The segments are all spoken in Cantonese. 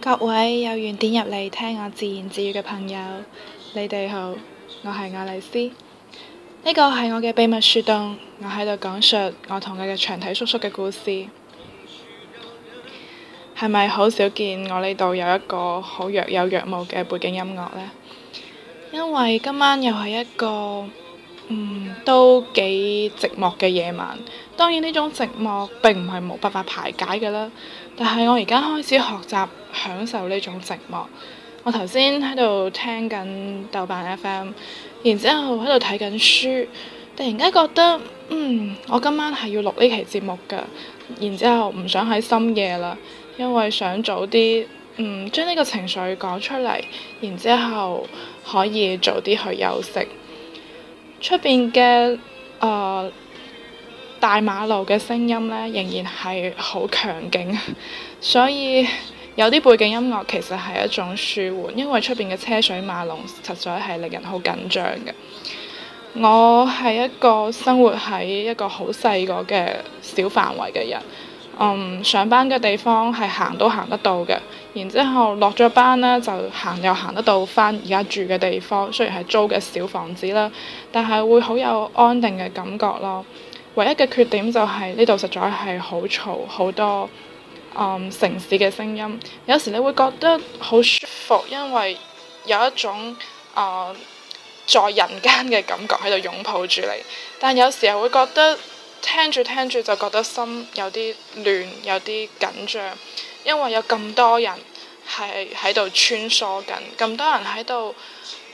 各位有緣點入嚟聽我自言自語嘅朋友，你哋好，我係亞麗斯。呢個係我嘅秘密樹洞，我喺度講述我同佢嘅長體叔叔嘅故事。係咪好少見？我呢度有一個好若有若無嘅背景音樂呢？因為今晚又係一個。嗯，都幾寂寞嘅夜晚。當然呢種寂寞並唔係冇辦法排解嘅啦。但係我而家開始學習享受呢種寂寞。我頭先喺度聽緊豆瓣 FM，然之後喺度睇緊書，突然間覺得，嗯，我今晚係要錄呢期節目㗎。然之後唔想喺深夜啦，因為想早啲，嗯，將呢個情緒講出嚟，然之後可以早啲去休息。出邊嘅誒大馬路嘅聲音呢，仍然係好強勁，所以有啲背景音樂其實係一種舒緩，因為出邊嘅車水馬龍實在係令人好緊張嘅。我係一個生活喺一個好細個嘅小範圍嘅人，嗯，上班嘅地方係行都行得到嘅。然之後落咗班呢，就行又行得到返而家住嘅地方，雖然係租嘅小房子啦，但係會好有安定嘅感覺咯。唯一嘅缺點就係呢度實在係好嘈，好多、嗯、城市嘅聲音。有時你會覺得好舒服，因為有一種啊、呃、在人間嘅感覺喺度擁抱住你，但有時候會覺得聽住聽住就覺得心有啲亂，有啲緊張。因為有咁多人係喺度穿梭緊，咁多人喺度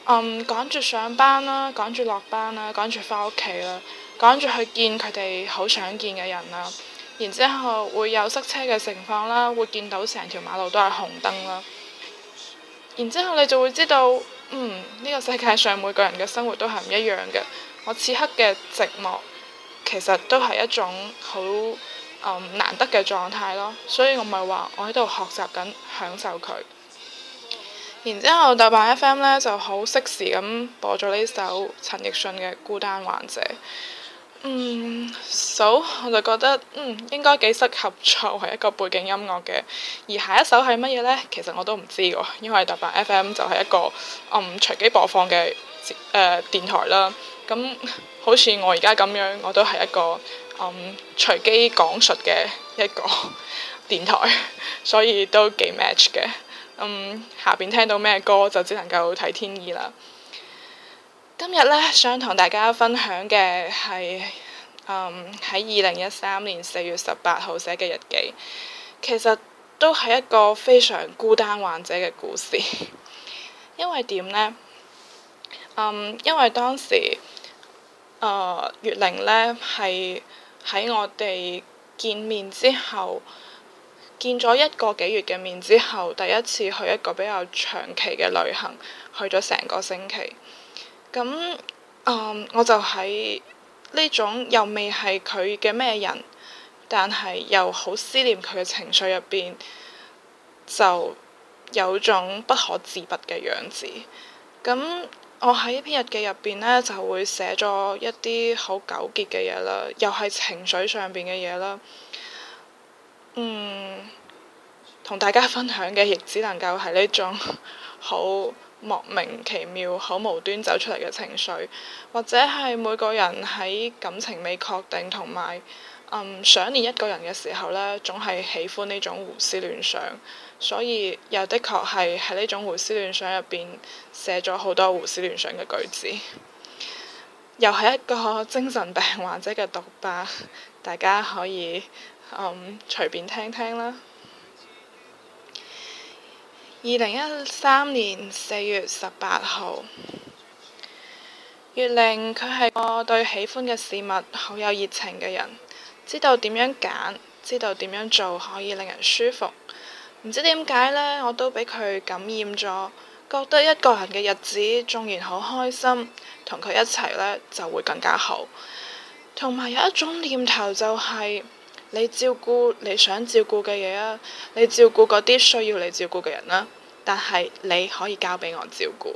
嗯，趕住上班啦，趕住落班啦，趕住返屋企啦，趕住去見佢哋好想見嘅人啦。然之後會有塞車嘅情況啦，會見到成條馬路都係紅燈啦。然之後你就會知道，嗯，呢個世界上每個人嘅生活都係唔一樣嘅。我此刻嘅寂寞，其實都係一種好。嗯，難得嘅狀態咯，所以我咪話我喺度學習緊享受佢。然之後，豆瓣 FM 呢就好適時咁播咗呢首陳奕迅嘅《孤單患者》。嗯，首、so，我就覺得嗯應該幾適合做係一個背景音樂嘅。而下一首係乜嘢呢？其實我都唔知喎，因為豆瓣 FM 就係一個嗯隨機播放嘅誒、呃、電台啦。咁好似我而家咁樣，我都係一個嗯隨機講述嘅一個電台，所以都幾 match 嘅。嗯，下邊聽到咩歌就只能夠睇天意啦。今日呢，想同大家分享嘅係喺二零一三年四月十八號寫嘅日記，其實都係一個非常孤單患者嘅故事，因為點呢？嗯，因為當時。誒、呃、月玲呢，係喺我哋見面之後，見咗一個幾月嘅面之後，第一次去一個比較長期嘅旅行，去咗成個星期。咁，嗯、呃，我就喺呢種又未係佢嘅咩人，但係又好思念佢嘅情緒入邊，就有種不可自拔嘅樣子。咁。我喺呢篇日記入邊呢，就會寫咗一啲好糾結嘅嘢啦，又係情緒上邊嘅嘢啦。嗯，同大家分享嘅亦只能夠係呢種好莫名其妙、好無端走出嚟嘅情緒，或者係每個人喺感情未確定同埋嗯想念一個人嘅時候呢，總係喜歡呢種胡思亂想。所以又的確係喺呢種胡思亂想入邊寫咗好多胡思亂想嘅句子，又係一個精神病患者嘅獨白，大家可以咁、嗯、隨便聽聽啦。二零一三年四月十八號，月令，佢係個對喜歡嘅事物好有熱情嘅人，知道點樣揀，知道點樣做可以令人舒服。唔知點解呢，我都俾佢感染咗，覺得一個人嘅日子縱然好開心，同佢一齊呢就會更加好。同埋有，有一種念頭就係、係、你照顧你想照顧嘅嘢啦，你照顧嗰啲需要你照顧嘅人啦，但係你可以交俾我照顧，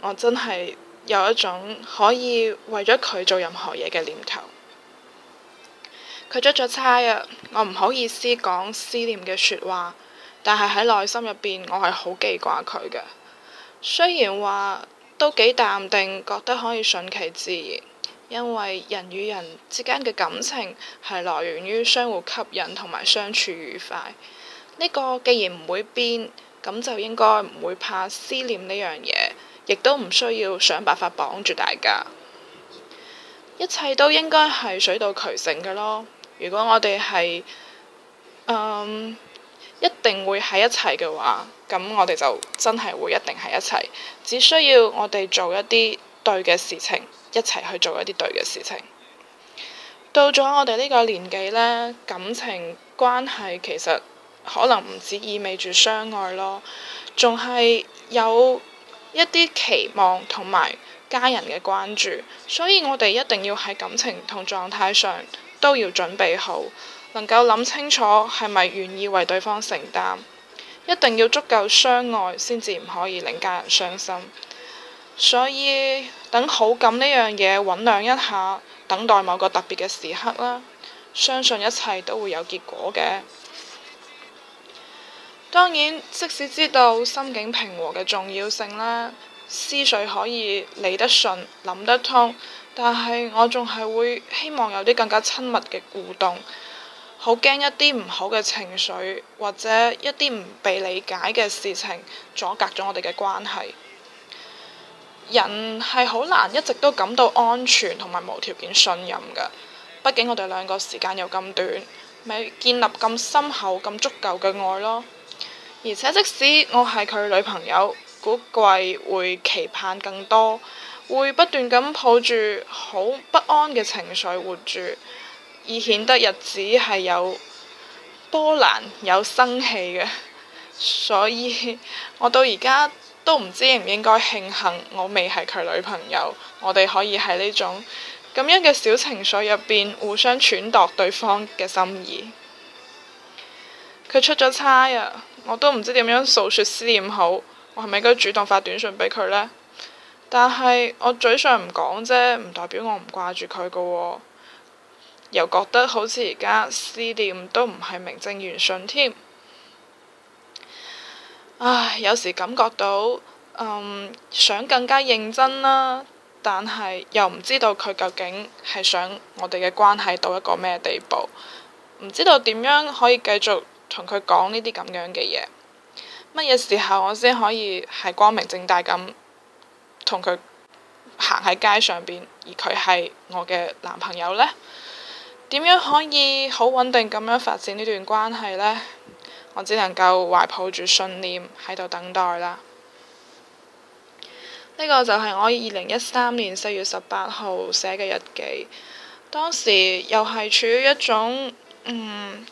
我真係有一種可以為咗佢做任何嘢嘅念頭。佢出咗差啊。我唔好意思講思念嘅說話，但係喺內心入邊我係好記掛佢嘅。雖然話都幾淡定，覺得可以順其自然，因為人與人之間嘅感情係來源於相互吸引同埋相處愉快。呢個既然唔會變，咁就應該唔會怕思念呢樣嘢，亦都唔需要想辦法綁住大家。一切都應該係水到渠成嘅咯～如果我哋係，嗯，一定會喺一齊嘅話，咁我哋就真係會一定喺一齊。只需要我哋做一啲對嘅事情，一齊去做一啲對嘅事情。到咗我哋呢個年紀呢，感情關係其實可能唔止意味住相愛咯，仲係有一啲期望同埋家人嘅關注，所以我哋一定要喺感情同狀態上。都要準備好，能夠諗清楚係咪願意為對方承擔，一定要足夠相愛先至唔可以令家人傷心。所以等好感呢樣嘢醞釀一下，等待某個特別嘅時刻啦。相信一切都會有結果嘅。當然，即使知道心境平和嘅重要性啦，思緒可以理得順，諗得通。但係我仲係會希望有啲更加親密嘅互動，好驚一啲唔好嘅情緒或者一啲唔被理解嘅事情阻隔咗我哋嘅關係。人係好難一直都感到安全同埋無條件信任㗎，畢竟我哋兩個時間又咁短，咪建立咁深厚、咁足夠嘅愛咯。而且即使我係佢女朋友，估計會期盼更多。會不斷咁抱住好不安嘅情緒活住以顯得日子係有波瀾、有生氣嘅。 所以我到而家都唔知應唔應該慶幸我未係佢女朋友，我哋可以喺呢種咁樣嘅小情緒入邊互相揣度對方嘅心意。佢出咗差啊！我都唔知點樣訴説思念好，我係咪應該主動發短信俾佢呢？但係我嘴上唔講啫，唔代表我唔掛住佢㗎喎，又覺得好似而家思念都唔係名正言順添。唉，有時感覺到，嗯，想更加認真啦、啊，但係又唔知道佢究竟係想我哋嘅關係到一個咩地步，唔知道點樣可以繼續同佢講呢啲咁樣嘅嘢，乜嘢時候我先可以係光明正大咁？同佢行喺街上邊，而佢係我嘅男朋友呢，點樣可以好穩定咁樣發展呢段關係呢？我只能夠懷抱住信念喺度等待啦。呢個就係我二零一三年四月十八號寫嘅日記，當時又係處於一種唔唔、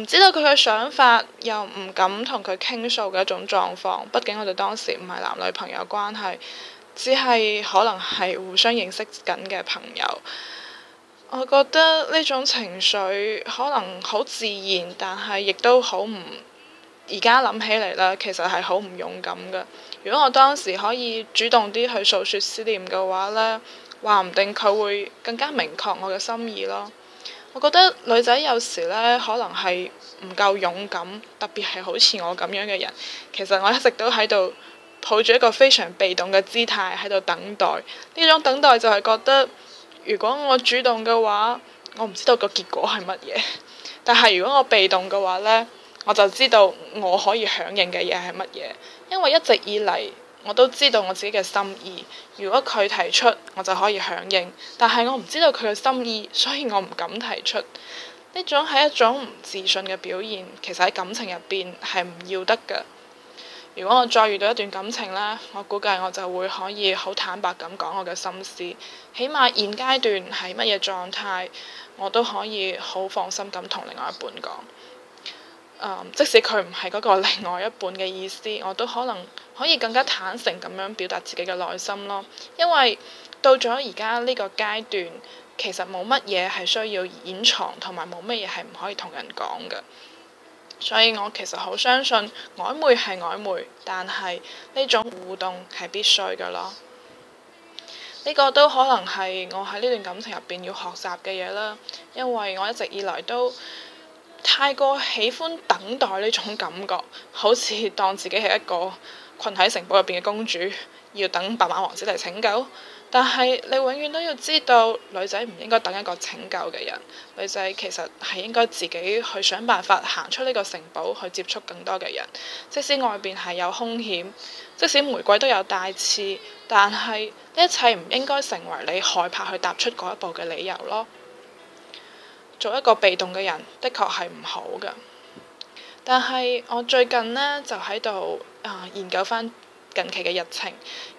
嗯、知道佢嘅想法，又唔敢同佢傾訴嘅一種狀況，畢竟我哋當時唔係男女朋友關係。只係可能係互相認識緊嘅朋友，我覺得呢種情緒可能好自然，但係亦都好唔，而家諗起嚟呢，其實係好唔勇敢㗎。如果我當時可以主動啲去訴説思念嘅話呢，話唔定佢會更加明確我嘅心意咯。我覺得女仔有時呢，可能係唔夠勇敢，特別係好似我咁樣嘅人，其實我一直都喺度。抱住一個非常被動嘅姿態喺度等待，呢種等待就係覺得如果我主動嘅話，我唔知道個結果係乜嘢。但係如果我被動嘅話呢，我就知道我可以響應嘅嘢係乜嘢。因為一直以嚟我都知道我自己嘅心意，如果佢提出，我就可以響應。但係我唔知道佢嘅心意，所以我唔敢提出。呢種係一種唔自信嘅表現，其實喺感情入邊係唔要得㗎。如果我再遇到一段感情咧，我估計我就會可以好坦白咁講我嘅心思，起碼現階段係乜嘢狀態，我都可以好放心咁同另外一半講。嗯，即使佢唔係嗰個另外一半嘅意思，我都可能可以更加坦誠咁樣表達自己嘅內心咯。因為到咗而家呢個階段，其實冇乜嘢係需要掩藏，同埋冇乜嘢係唔可以同人講嘅。所以我其實好相信曖昧係曖昧，但係呢種互動係必須嘅咯。呢、這個都可能係我喺呢段感情入邊要學習嘅嘢啦，因為我一直以來都太過喜歡等待呢種感覺，好似當自己係一個困喺城堡入邊嘅公主，要等白馬王子嚟拯救。但係你永遠都要知道，女仔唔應該等一個拯救嘅人。女仔其實係應該自己去想辦法行出呢個城堡，去接觸更多嘅人。即使外邊係有風險，即使玫瑰都有帶刺，但係呢一切唔應該成為你害怕去踏出嗰一步嘅理由咯。做一個被動嘅人，的確係唔好㗎。但係我最近呢，就喺度、呃、研究翻。近期嘅日程，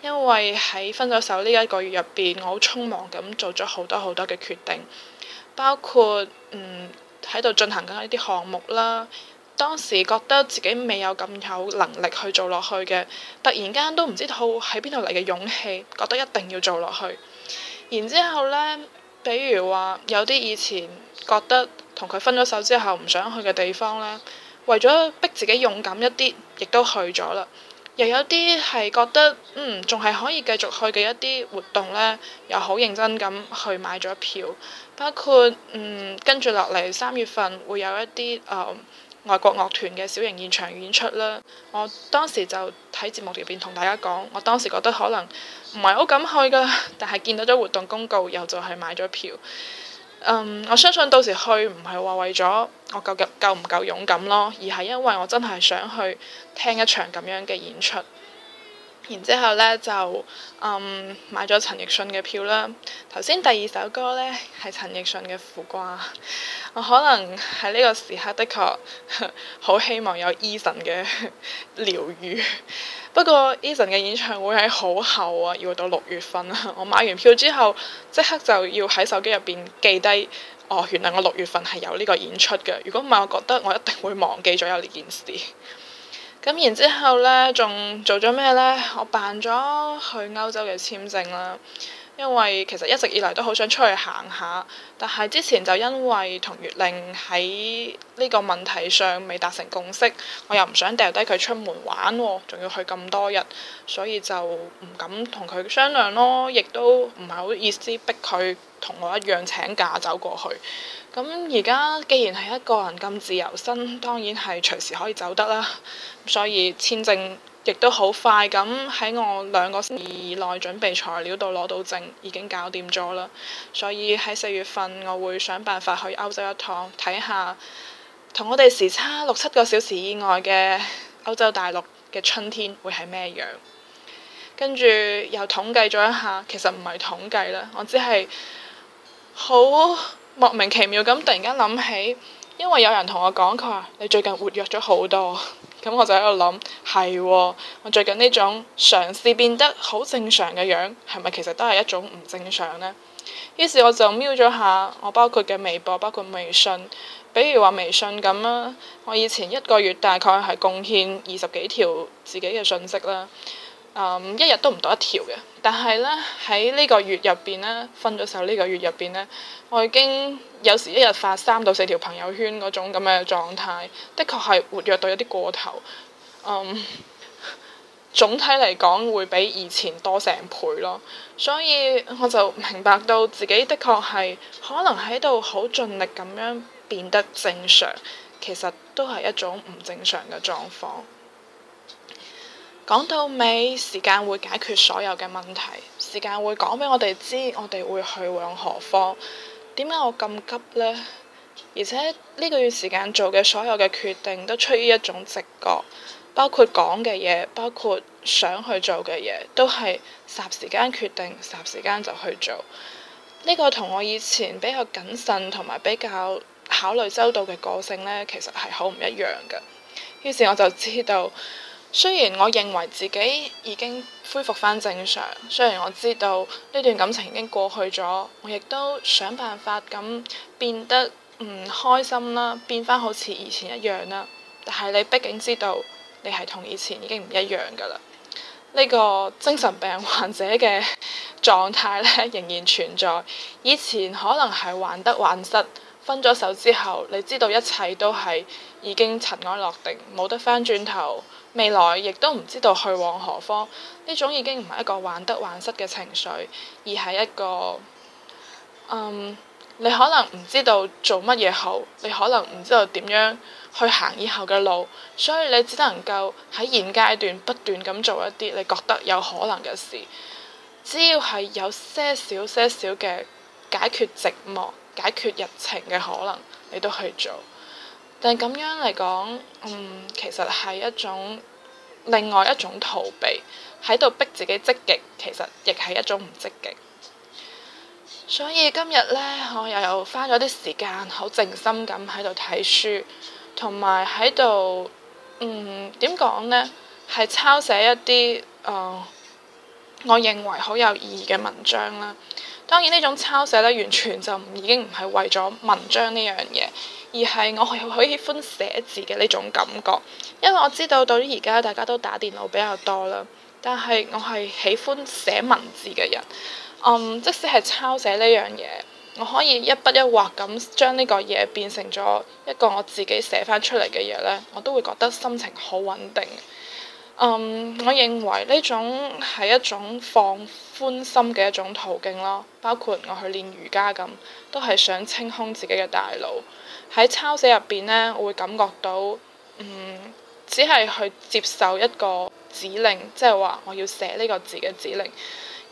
因為喺分咗手呢一個月入邊，我好匆忙咁做咗好多好多嘅決定，包括嗯喺度進行緊呢啲項目啦。當時覺得自己未有咁有能力去做落去嘅，突然間都唔知道喺邊度嚟嘅勇氣，覺得一定要做落去。然之後呢，比如話有啲以前覺得同佢分咗手之後唔想去嘅地方啦，為咗逼自己勇敢一啲，亦都去咗啦。又有啲係覺得，嗯，仲係可以繼續去嘅一啲活動呢，又好認真咁去買咗票。包括，嗯，跟住落嚟三月份會有一啲、呃、外國樂團嘅小型現場演出啦。我當時就睇節目條片同大家講，我當時覺得可能唔係好敢去噶，但係見到咗活動公告，又就係買咗票。嗯，um, 我相信到時去唔係話為咗我夠夠唔夠勇敢咯，而係因為我真係想去聽一場咁樣嘅演出。然之後呢，就嗯買咗陳奕迅嘅票啦。頭先第二首歌呢，係陳奕迅嘅《苦瓜》，我可能喺呢個時刻的確好希望有 Eason 嘅療癒。不過 Eason 嘅演唱會喺好後啊，要到六月份啊。我買完票之後，即刻就要喺手機入邊記低哦。原來我六月份係有呢個演出嘅。如果唔係，我覺得我一定會忘記咗有呢件事。咁然之後呢，仲做咗咩呢？我辦咗去歐洲嘅簽證啦。因為其實一直以嚟都好想出去行下，但係之前就因為同月令喺呢個問題上未達成共識，我又唔想掉低佢出門玩喎、哦，仲要去咁多日，所以就唔敢同佢商量咯，亦都唔係好意思逼佢同我一樣請假走過去。咁而家既然係一個人咁自由身，當然係隨時可以走得啦，所以簽證。亦都好快咁喺我兩個星期以內準備材料到攞到證，已經搞掂咗啦。所以喺四月份，我會想辦法去歐洲一趟睇下，同我哋時差六七個小時以外嘅歐洲大陸嘅春天會係咩樣。跟住又統計咗一下，其實唔係統計啦，我只係好莫名其妙咁突然間諗起，因為有人同我講佢話你最近活躍咗好多。咁我就喺度諗，係、哦、我最近呢種嘗試變得好正常嘅樣，係咪其實都係一種唔正常呢？於是我就瞄咗下我包括嘅微博，包括微信，比如話微信咁啦，我以前一個月大概係貢獻二十幾條自己嘅信息啦。Um, 一日都唔到一條嘅，但係呢，喺呢個月入邊呢，分咗手呢個月入邊呢，我已經有時一日發三到四條朋友圈嗰種咁嘅狀態，的確係活躍到有啲過頭。嗯、um，總體嚟講會比以前多成倍咯，所以我就明白到自己的確係可能喺度好盡力咁樣變得正常，其實都係一種唔正常嘅狀況。講到尾，時間會解決所有嘅問題，時間會講俾我哋知我哋會去往何方。點解我咁急呢？而且呢個月時間做嘅所有嘅決定都出於一種直覺，包括講嘅嘢，包括想去做嘅嘢，都係霎時間決定，霎時間就去做。呢個同我以前比較謹慎同埋比較考慮周到嘅個性呢，其實係好唔一樣嘅。於是我就知道。雖然我認為自己已經恢復翻正常，雖然我知道呢段感情已經過去咗，我亦都想辦法咁變得唔開心啦，變翻好似以前一樣啦。但係你畢竟知道，你係同以前已經唔一樣㗎喇。呢、這個精神病患者嘅狀態呢，仍然存在。以前可能係患得患失，分咗手之後，你知道一切都係已經塵埃落定，冇得返轉頭。未來亦都唔知道去往何方，呢種已經唔係一個患得患失嘅情緒，而係一個，嗯，你可能唔知道做乜嘢好，你可能唔知道點樣去行以後嘅路，所以你只能夠喺現階段不斷咁做一啲你覺得有可能嘅事，只要係有些少些少嘅解決寂寞、解決日程嘅可能，你都去做。但係咁樣嚟講，嗯，其實係一種另外一種逃避，喺度逼自己積極，其實亦係一種唔積極。所以今日呢，我又又花咗啲時間，好靜心咁喺度睇書，同埋喺度，嗯，點講呢？係抄寫一啲，誒、呃，我認為好有意義嘅文章啦。當然呢種抄寫咧，完全就已經唔係為咗文章呢樣嘢，而係我係好喜歡寫字嘅呢種感覺。因為我知道到而家大家都打電腦比較多啦，但係我係喜歡寫文字嘅人。嗯，即使係抄寫呢樣嘢，我可以一筆一畫咁將呢個嘢變成咗一個我自己寫翻出嚟嘅嘢呢，我都會覺得心情好穩定。嗯，um, 我認為呢種係一種放寬心嘅一種途徑咯。包括我去練瑜伽咁，都係想清空自己嘅大腦。喺抄寫入面呢，我會感覺到嗯，只係去接受一個指令，即係話我要寫呢個字嘅指令。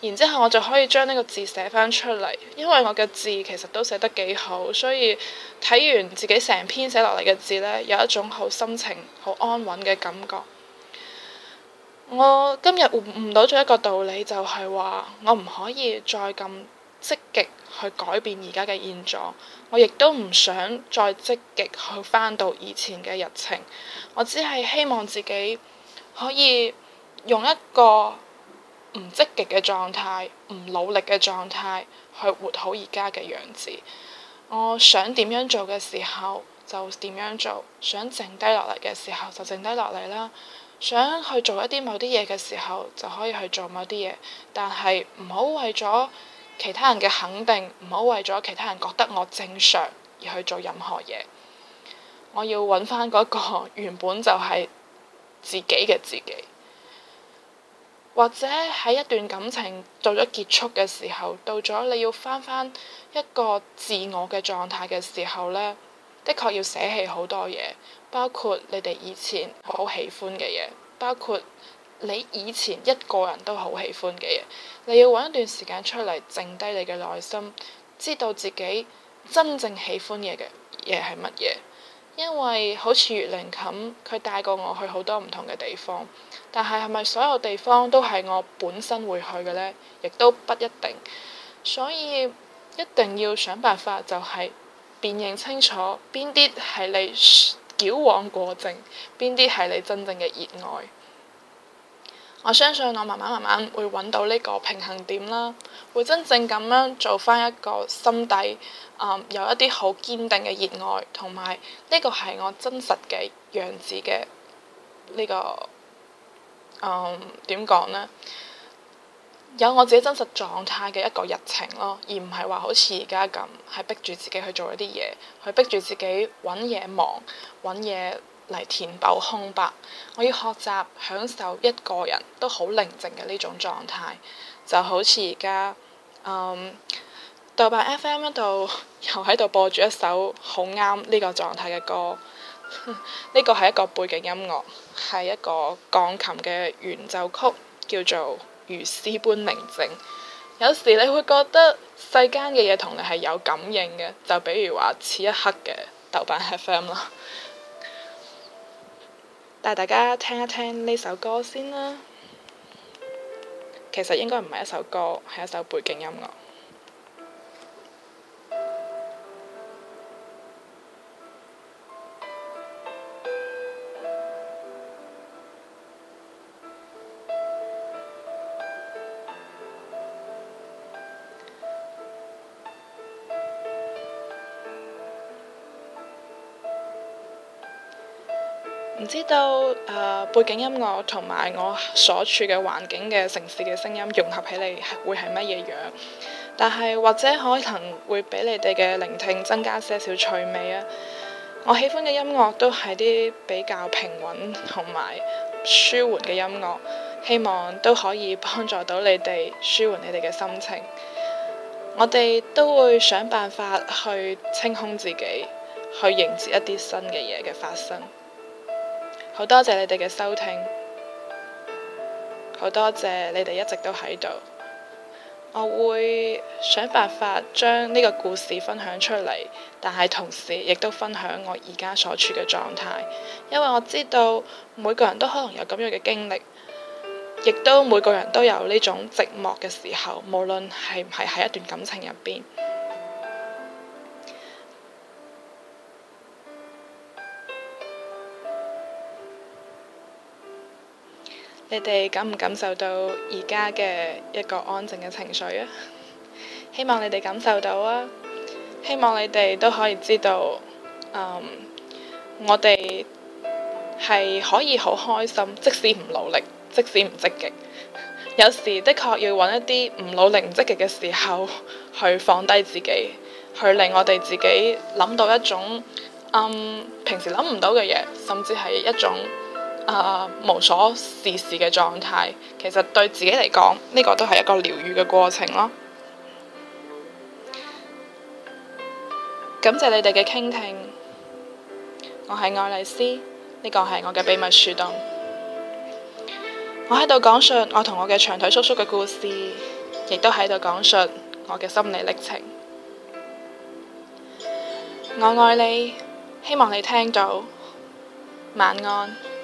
然之後我就可以將呢個字寫返出嚟，因為我嘅字其實都寫得幾好，所以睇完自己成篇寫落嚟嘅字呢，有一種好心情、好安穩嘅感覺。我今日悟到咗一個道理，就係話我唔可以再咁積極去改變而家嘅現狀，我亦都唔想再積極去返到以前嘅日程。我只係希望自己可以用一個唔積極嘅狀態、唔努力嘅狀態去活好而家嘅樣子。我想點樣做嘅時候就點樣做，想剩低落嚟嘅時候就剩低落嚟啦。想去做一啲某啲嘢嘅時候，就可以去做某啲嘢，但係唔好為咗其他人嘅肯定，唔好為咗其他人覺得我正常而去做任何嘢。我要揾翻嗰個原本就係自己嘅自己，或者喺一段感情到咗結束嘅時候，到咗你要翻翻一個自我嘅狀態嘅時候呢。的確要捨棄好多嘢，包括你哋以前好喜歡嘅嘢，包括你以前一個人都好喜歡嘅嘢，你要搵一段時間出嚟，靜低你嘅內心，知道自己真正喜歡嘅嘢係乜嘢。因為好似月玲咁，佢帶過我去好多唔同嘅地方，但係係咪所有地方都係我本身會去嘅呢？亦都不一定，所以一定要想辦法就係、是。辨認清楚邊啲係你矯枉過正，邊啲係你真正嘅熱愛。我相信我慢慢慢慢會揾到呢個平衡點啦，會真正咁樣做翻一個心底、嗯、有一啲好堅定嘅熱愛，同埋呢個係我真實嘅樣子嘅呢、呢個點講、嗯、呢？有我自己真實狀態嘅一個日程咯，而唔係話好似而家咁，係逼住自己去做一啲嘢，去逼住自己揾嘢忙，揾嘢嚟填補空白。我要學習享受一個人都好寧靜嘅呢種狀態，就好似而家，嗯，豆瓣 FM 一度又喺度播住一首好啱呢個狀態嘅歌，呢個係一個背景音樂，係一個鋼琴嘅圓奏曲，叫做。如詩般寧靜，有時你會覺得世間嘅嘢同你係有感應嘅，就比如話此一刻嘅豆瓣 FM 啦。 帶大家聽一聽呢首歌先啦。其實應該唔係一首歌，係一首背景音樂。到、呃、背景音樂同埋我所處嘅環境嘅城市嘅聲音融合起嚟，會係乜嘢樣？但係或者可能會俾你哋嘅聆聽增加些少趣味啊！我喜歡嘅音樂都係啲比較平穩同埋舒緩嘅音樂，希望都可以幫助到你哋舒緩你哋嘅心情。我哋都會想辦法去清空自己，去迎接一啲新嘅嘢嘅發生。好多謝你哋嘅收聽，好多謝你哋一直都喺度。我會想辦法將呢個故事分享出嚟，但係同時亦都分享我而家所處嘅狀態，因為我知道每個人都可能有咁樣嘅經歷，亦都每個人都有呢種寂寞嘅時候，無論係唔係喺一段感情入邊。你哋感唔感受到而家嘅一個安靜嘅情緒啊？ 希望你哋感受到啊！希望你哋都可以知道，嗯，我哋係可以好開心，即使唔努力，即使唔積極，有時的確要揾一啲唔努力、唔積極嘅時候去放低自己，去令我哋自己諗到一種，嗯，平時諗唔到嘅嘢，甚至係一種。啊！Uh, 無所事事嘅狀態，其實對自己嚟講，呢個都係一個療癒嘅過程咯。感謝你哋嘅傾聽，我係愛麗絲，呢個係我嘅秘密樹洞。我喺度講述我同我嘅長腿叔叔嘅故事，亦都喺度講述我嘅心理歷程。我愛你，希望你聽到，晚安。